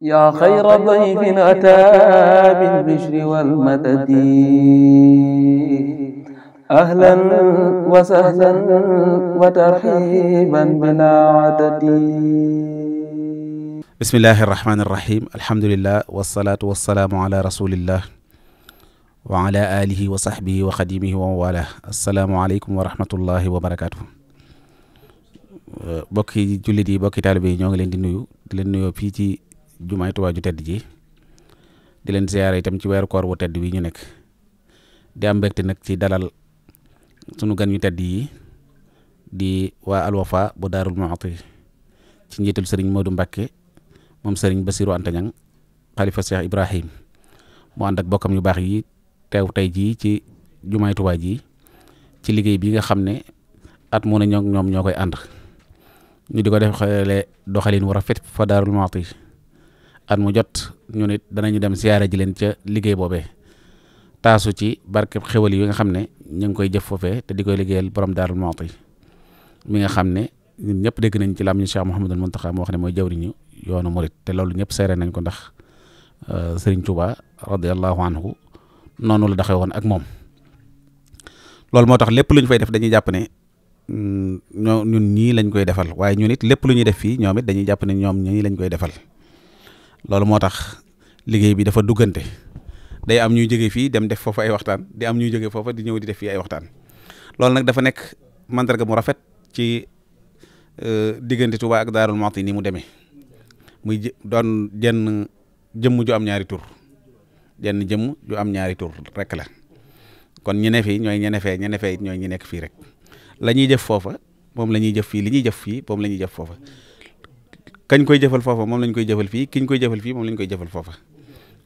yaa xayra dayfin ataa bil bishri wal madadi ahlan wa sahlan wa tarxiiban bilaa adadi. bismillaahi rahmaani rahiim alhamdulilah wasalaatu wasalaamu ala rasulillah wa ala aalihi wa saxbihi wa xadimihi wa wala asalaamu aleykum wa rahmatullahi wa barakaatu. mbokki jullit yi mbokki taalibe yi ñoo ngi leen di nuyu di leen nuyoo fii ci. jumaay Tuubaa ju tedd ji di leen ziyaare itam ci weeru koor wu tedd wi ñu nekk di am mbégte nag ci dalal sunu gan yu tedd yi di waa Al Wafa bu Daarul Muxti ci njiital sëriñ Modou Mbacke moom sëriñ Bassirou Anta Niang xalifa Cheikh Ibrahim mu ànd bokkam yu baax yi teew tey jii ci jumaay Tuubaa ji ci liggéey bi nga xam ne at mu ne ñoom ñoo koy ànd ñu di ko def doxalin wu rafet fa Daarul Muxti at mu jot ñu nit danañu dem siyaara ji leen ca liggéey boobee taasu ci barkeb xewal yi nga xam ne ñu ngi koy jëf foofee te di koy liggéeyal borom Daaru Muxti mi nga xam ne ñun ñëpp dégg nañ ci lam ñu Cheikh Mouhamadul Mountakha moo xam ne mooy jawriñu yoonu murit te loolu ñëpp seere nañ ko ndax euh, Serigne Touba radiyallahu anhu noonu la doxee woon ak moom loolu moo tax lépp lu fay def dañuy jàpp ne mm, ñoo ñun ñii lañ koy defal waaye ñun it lépp lu ñuy def fii ñoom it dañuy jàpp ne ñoom ñii lañ koy defal loolu moo tax liggéey bi dafa duggante day am ñuy jógee fii dem def foofu ay waxtaan di am ñuy jógee foofa di ñëw di def fii ay waxtaan loolu nag dafa nekk mandarga mu rafet ci euh, diggante Touba ak Daarul Muxti ni mu demee muy doon jenn jëmm ju am ñaari tur jenn jëmm ju am ñaari tur rek la kon ñu ne fii ñooy ñu ne fee ñu ne fee it ñooy ñu nekk fii rek la ñuy jëf foofa moom la ñuy jëf fii li ñuy jëf fii moom la ñuy jëf foofa kañ koy jëfal foofa moom lañ koy jëfal fii kiñ koy jëfal fii moom lañ koy jëfal foofa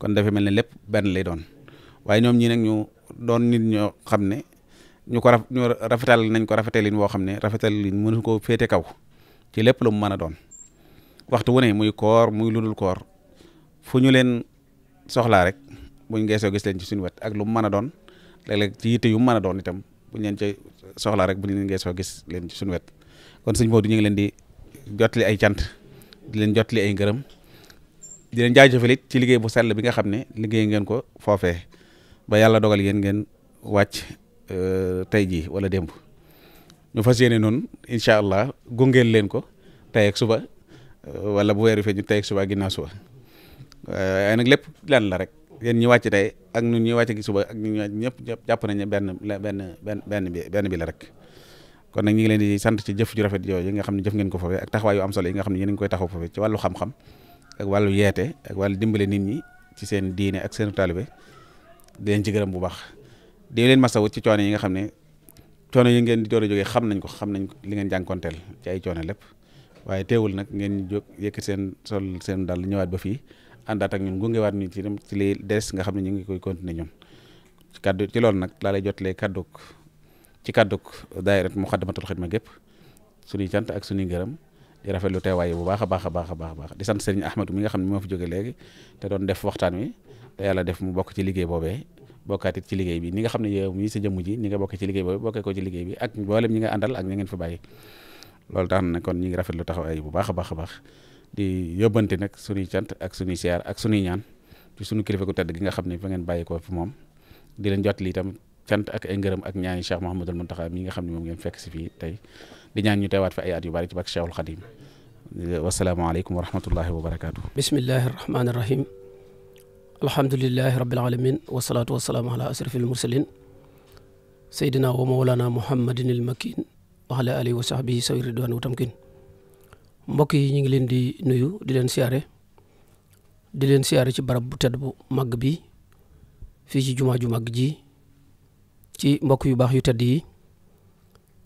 kon dafa mel ne lépp benn lay doon waaye ñoom ñi nag ñu doon nit ñoo xam ne ñu ko raf ñu rafetal nañ ko rafetalin woo xam ne rafetalin mënu ko féete kaw ci lépp lu mu mën a doon waxtu wu ne muy koor muy lu dul koor fu ñu leen soxlaa rek buñ geesoo gis leen ci suñu wet ak lu mu mën a doon léeg-léeg ci yitte yu mu mën a doon itam buñ leen ci soxlaa rek buñ leen geesoo gis leen ci suñu wet kon sëñ Modou ñu ngi leen di jotli ay cant di leen jotli ay ngërëm di leen jaajëfal it ci liggéey bu sell bi nga xam ne liggéey ngeen ko foofee ba yàlla dogal yéen ngeen wàcc euh, tey jii wala démb ñu fas yéene noonu incha allah gungeel leen ko tey suba euh, walla bu weeru fee ñu tey suba ak ginnaaw suba waaye nag lépp lan la rek yéen ñi wàcc tey ak nu ñi wàcc gi suba ak ñun ñëpp ñëpp jàpp nañu benn benn benn benn bi benn bi la rek. kon nag ñu ngi leen di sant ci jëf ju rafet yooyu nga xam ne jëf ngeen ko foofee ak taxawaay am solo yi nga xam ne a ngi koy taxaw ak wàllu yeete ak wàllu dimbale nit ñi ci seen diine ak seen taalibe di leen ci gërëm bu baax di leen masawu ci coono yi nga xam ne coono yi ngeen di door a jógee xam nañ ko xam nañ li ngeen jànkonteel ci ay coono lépp waaye teewul nag ngeen jog yëkkat seen sol seen dal ñëwaat ba fii àndaat ak ñun gungewaat ñu ci dem ci li des nga xam ne ñu ngi koy continuer ñun kaddu ci loolu nag laa lay lee kaddu ci kàdduk daayirat Muxaddamatul Xidma gépp suñuy cant ak suñuy ngërëm di rafetlu bu baax a baax a baax a baax di sant Serigne Ahmadou mi ne moo fi jóge léegi te doon def waxtaan mu bokk ci liggéey boobee bokkaat it ci liggéey bi ni nga xam ne yow mii sa jëmm ji ni nga bokkee ci liggéey boobee bokkee ko ci liggéey bi ak mboolem ñi nga bu baax baax a baax di yóbbante nag suñuy cant ak suñuy siyaar ak sunuy ñaan ci suñu kilifa gu tedd gi nga xam ne fa ngeen bàyyi ko fi moom di leen jot lii tam cant ak ay ngërëm ak ñaani Cheikh Mouhamadul Mountakha mi nga xam ne moom ngeen fekk si fii tey di ñaan ñu teewaat fi ay at yu bari ci bak Cheikhul Khadim wasalaamaaleykum wa rahmatullahi wa barakaatu. bismillahi rahmaani rahim alhamdulilahi rabil alamin wasalaatu wasalaamu ala asrafil mursalin saydina wa mawlana muhammadin il makin wa ala alihi wa sahbihi sawi ridwan yi ñu ngi leen di nuyu di leen siyaare di leen siyaare ci barab bu tedd bu màgg bi fii ci jumaa ju màgg ji ci mbokk yu baax yu tedd yi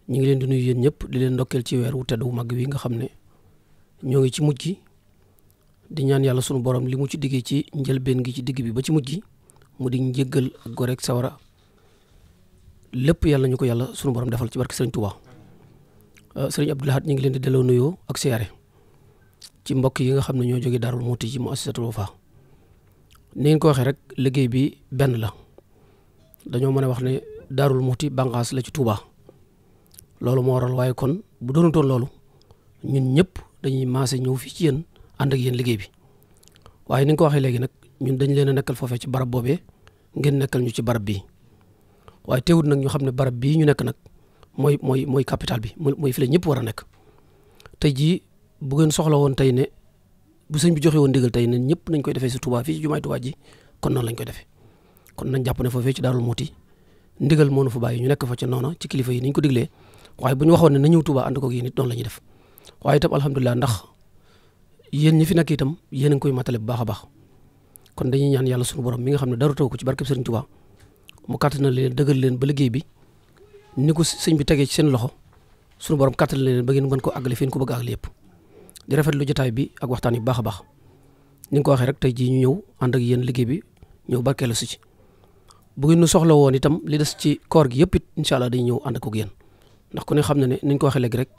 ñu ngi leen di nuyu yéen ñëpp di leen ndokkeel ci weer wu tedd wu mag wi nga xam ne ñoo ngi ci mujj gi di ñaan yàlla sunu borom li mu ci diggee ci njëlbeen gi ci digg bi ba ci mujj gi mu di njëggal ak gore sawara lépp yàlla ñu ko yàlla sunu borom defal ci barke sëriñ Touba euh, sëriñ Abdou ñu ngi leen di delloo nuyoo ak siyaare ci mbokk yi nga xam ne ñoo jógee Daarul Muuti ci Muassasatul Wafa ni ngeen ko waxee rek liggéey bi benn la daarul muxti bànqaas la ci Touba loolu moo waral waaye kon bu doonutoon loolu ñun ñëpp dañuy maase ñëw fii ci yéen ànd ak yéen liggéey bi waaye ni nga ko waxee léegi nag ñun dañ leen a nekkal foofee ci barab boobee ngeen nekkal ñu ci barab bii waaye teewut nag ñu xam ne barab bii ñu nekk nag mooy mooy capital bi mooy fi ñëpp war a nekk tey jii bu ngeen soxla woon tey ne bu sëñ bi joxe woon ndigal ne ñëpp nañ koy defee si Touba fii ci jumaay Touba ji kon noonu lañ koy defee kon nañ jàpp ne foofee ci Daarul Muti ndigal moo nu fa bàyyi ñu nekk fa ca noona ci kilifa yi ni ko diglee waaye bu ñu waxoon ne na ñëw Touba ànd koog yéen it noonu la ñuy def waaye itam alhamdulilah ndax yéen ñi fi nekk itam yéen a ngi koy matale bu baax a baax kon dañuy ñaan yàlla suñu borom mi nga xam ne dara ko ci barkeb Sëriñ Touba mu kàttanal leen dëggal leen ba liggéey bi ni ko sëñ bi tegee ci seen loxo suñu borom kàttanal leen ba ngeen mën ko àggale fi ko bëgg a yépp yëpp di rafetlu jotaay bi ak waxtaan yu baax a baax ni ko waxee rek tey jii ñu ñëw ànd ak yéen liggéey bi ñëw barkeelu si ci bu nu soxla woon itam li des ci koor gi yëpp it incha allah dañuy ñëw ànd ak yéen ndax ku ne xam na ne niñ ko waxee léegi rek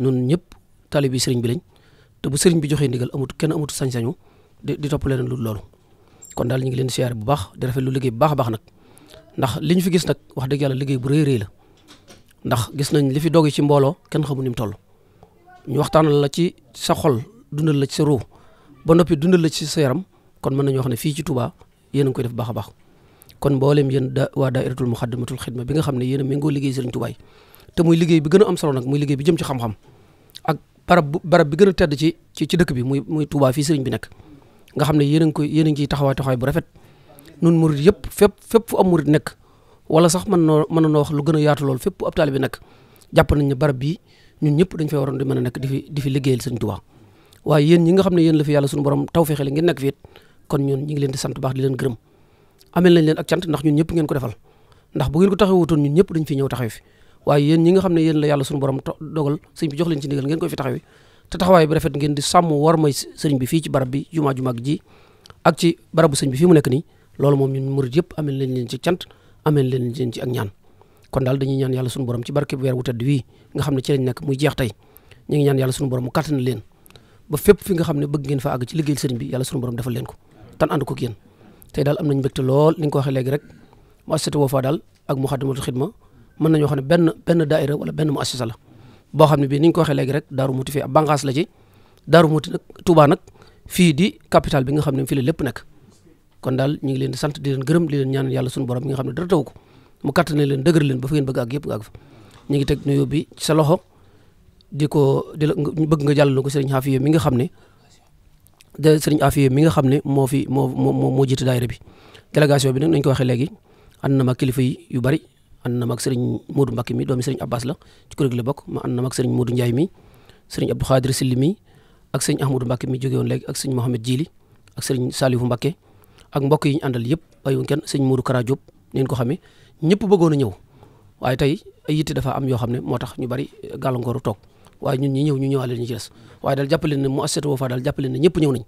nun ñëpp taalibi sëriñ bi lañ te bu sëriñ bi joxee ndigal amut kenn amut sañ-sañu di topp leneen lu loolu kon daal ñu ngi leen siyaare bu baax di lu liggéey bu baax a baax nag ndax fi gis nag wax dëgg liggéey bu rëy rëy la ndax gis nañ li fi doge ci mbooloo kenn xamu ni mu toll ñu waxtaanal la ci sa dundal la ci sa ruu ba noppi dundal la ci sa yaram kon mën nañu wax ne fii ci Touba yéen a ngi koy def baax baax kon mboolem yéen da waa dairatul muxaddamatul xidma bi nga xam ne yéen a méngoo liggéey Sëriñ Tuubaa te muy liggéey bi gën a am solo nag muy liggéey bi jëm ci xam-xam ak barab barab bi gën a tedd ci ci ci dëkk bi muy muy Tuubaa fii sëriñ bi nekk nga xam ne yéen a ngi koy ciy taxawaay taxawaay bu rafet nun murid yëpp fépp fépp fu am murid nekk wala sax mën noo mën na wax lu gën a yaatu lool fépp ab taalibe nekk jàpp nañ ne barab bii ñun ñëpp dañ a di fi di fi liggéeyal Sëriñ Tuubaa waaye yéen ñi nga xam ne yéen la fi yàlla suñu borom taw fexele ngeen nekk fiit kon ñun ñi ngi leen di sant baax di leen gërëm amel nañ leen ak cant ndax ñun ñëpp ngeen ko defal ndax bu ngeen ko taxawutoon ñun ñëpp dañ fi ñëw taxaw fi waaye yéen nga xam ne yéen la yàlla suñu borom dogal sëñ bi jox leen ci ndigal ngeen koy fi di sàmm war may sëriñ bi fii ci bi jumaa ji ak ci barabu mu nekk nii loolu moom ñun murid yëpp amel nañ leen ci cant amel leen leen ci ak ñaan kon daal dañuy ñaan yàlla suñu borom ci barke weer wu tedd wii nga xam ne ci lañ nekk tey ñu ngi ñaan yàlla suñu borom mu kàttan leen ba fépp fi nga xam ne bëgg ngeen fa àgg ci liggéeyal sëriñ bi yàlla suñu borom defal leen ko tan ànd ko yéen tey daal am nañ mbégte lool ni nga ko waxee léegi rek mu assatu Wafa daal ak Muxaddamatul Xidma mën nañoo xam ne benn benn daaira wala benn mu assisa la boo xam ne bii ni ñu ko waxee léegi rek Daaru Muti fii ab bànqaas la ci Daaru Muti nag Touba nag fii di capital bi nga xam ne fii la lépp nekk kon daal ñu ngi leen di sant di leen gërëm di leen ñaan yàlla suñu borom mi nga xam ne dara taw ko mu kàttane leen dëgër leen ba fa ngeen bëgg ak yëpp ak fa ñu ngi teg nuyoo bi sa loxo di ko di la bëgg nga jàll na ko sëriñ Xaafiya mi nga xam ne seriñ sëriñ Afiye mi nga xam ne moo fi moo moo moo jiite daayira bi délégation bi nag nañ ko waxee léegi ànd na ma kilifa yu bari ànd na ma sëriñ Modou Mbacké mi doomi sëriñ Abbas la ci kuréel la bokk ma ànd na mag sëriñ Modou Ndiaye mi sëriñ Abdou Khadir Silli mi ak sëriñ Ahmadou Mbacké mi jóge woon léegi ak sëriñ Mohamed Djili ak sëriñ Saliou Mbacké ak mbokk yi ñu àndal yëpp bàyyiwuñ kenn sëriñ Modou Kara Diop neen ko xamee ñëpp bëggoon a ñëw waaye tey ay yitte dafa am yoo xam ne moo tax ñu bari gàllankooru toog waaye ñun ñi ñëw ñu ñëwaale ñu ci des waaye daal jàppaleen ne mu asseta Wafa daal jàppaleen ne ñëpp ñëw nañ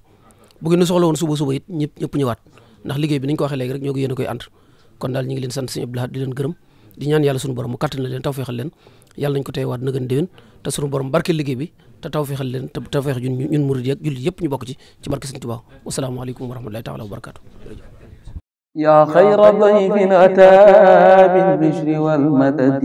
bu ngeen soxla woon suba suba it ñëpp ñëpp ñëwaat ndax liggéey bi niñ ko waxee léegi rek ñoo ngi yéen a koy ànd kon daal ñu ngi leen sant Sëñ Abdou Lahad di leen gërëm di ñaan yàlla suñu borom mu kàttan na leen tawfeexal leen yàlla nañ ko teewaat na gën déwén te suñu borom barke liggéey bi te tawfeexal leen te tawfeex ñun ñun murid yeeg jullit yëpp ñu bokk ci ci barke Sëñ Tuubaa wasalaamaaleykum wa rahmatullahi taala wa barakaatu يا خير ضيف أتى بالبشر والمدد